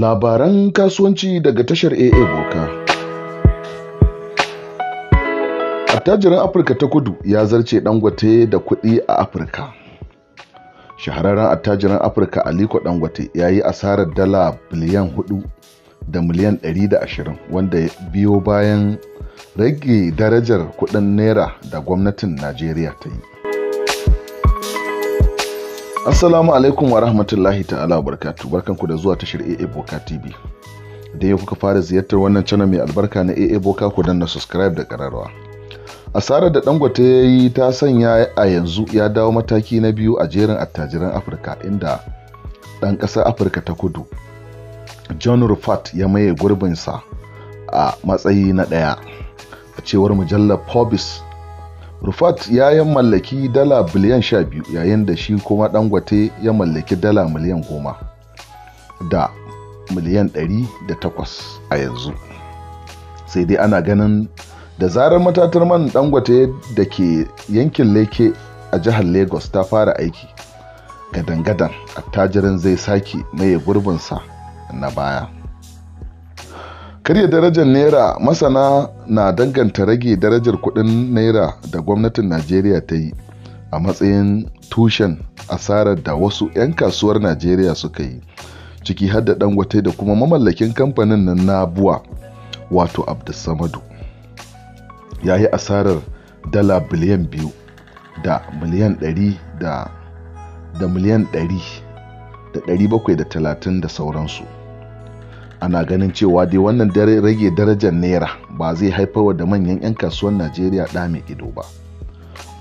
Labaran kasuwanci daga tashar AA Boka. Attajirin Afirka ta kudu ya zarce Dangote da kuɗi a Afirka. Shahararren attajirin Afirka Aliko Dangote ya yi asarar dala biliyan 4 da miliyan ɗari da ashirin, wanda biyo bayan rage darajar kuɗin naira da gwamnatin Najeriya ta yi. Assalamu alaikum wa rahmatullahi ta'ala wa barkatu barkanku da zuwa tashar AA Boka TV. Da yau kuka fara ziyartar wannan channel mai albarka na AA Boka ku danna subscribe da kararwa. Asarar da Dangote ya yi ta sanya a yanzu ya dawo mataki na biyu a jerin attajiran Afirka inda ɗan ƙasar Afirka ta kudu John Rufat ya maye gurbinsa a matsayi na ɗaya. A cewar mujallar Forbes Rufat ya mallaki dala biliyan 12 yayin da shi kuma Dangote ya mallaki dala miliyan 10 da miliyan 108 a yanzu. Sai dai ana ganin da zarar matatar man Dangote da ke yankin Leke a jihar Lagos ta fara aiki. Gadan-gadan attajirin zai sake maye gurbinsa na baya. karya darajar naira masana na danganta rage darajar kudin naira da gwamnatin najeriya ta yi a matsayin tushen asarar da wasu 'yan kasuwar najeriya suka yi ciki har da dangote da kuma mamallakin kamfanin nan na buwa wato abdulsamadu ya yi asarar dala biliyan biyu da miliyan 100 da miliyan da talatin da sauransu ana ganin cewa dai wannan dare rage darajar naira ba zai haifarwa da manyan 'yan kasuwan najeriya ɗa mai ido ba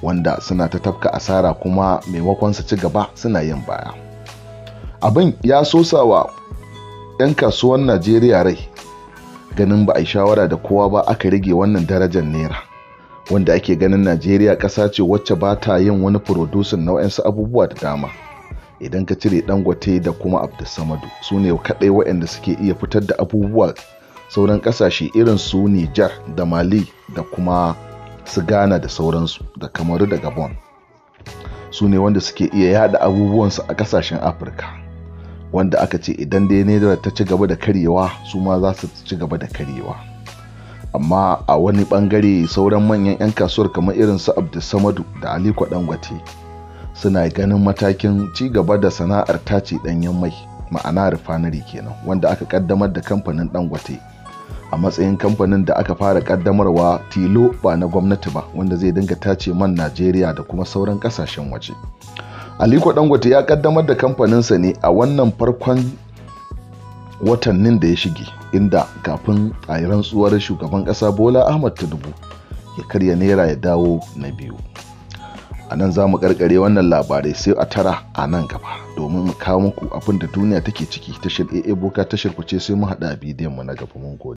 wanda suna ta tafka asara kuma maimakon su ci gaba suna yin baya abin ya wa 'yan kasuwan najeriya rai ganin ba a yi shawara da kowa ba aka rage wannan darajar naira wanda ake ganin najeriya ƙasa ce wacce ba ta yin wani furodusin na abubuwa da dama idan ka cire dangote da kuma abdulsamadu su ne kaɗai waɗanda suke iya fitar da abubuwa sauran ƙasashe irin su nijar da mali da kuma su ghana da sauransu da kamaru da gabon su ne wanda suke iya yada abubuwansu a ƙasashen afirka wanda aka ce idan dai naira ta ci gaba da karyewa su ma za su ci gaba da karyewa amma a wani bangare sauran manyan 'yan kasuwar kamar irin su abdulsamadu da aliko dangote suna ganin matakin ci gaba da sana'ar tace ɗanyen mai ma'ana refinery kenan wanda aka kaddamar da kamfanin dangote a matsayin kamfanin da aka fara kaddamarwa tilo ba na gwamnati ba wanda zai dinga tace man najeriya da kuma sauran kasashen waje aliko dangote ya kaddamar da kamfanin sa ne a wannan farkon watannin da ya shige inda kafin a rantsuwar shugaban kasa bola ahmad tinubu ya karya naira ya dawo na biyu a nan za mu karkare wannan labarai sai a tara a nan gaba domin mu kawo muku abin da duniya take ciki tashar AA Boka tashar ku ce sai mu haɗa bidiyon mu na gaba mun gode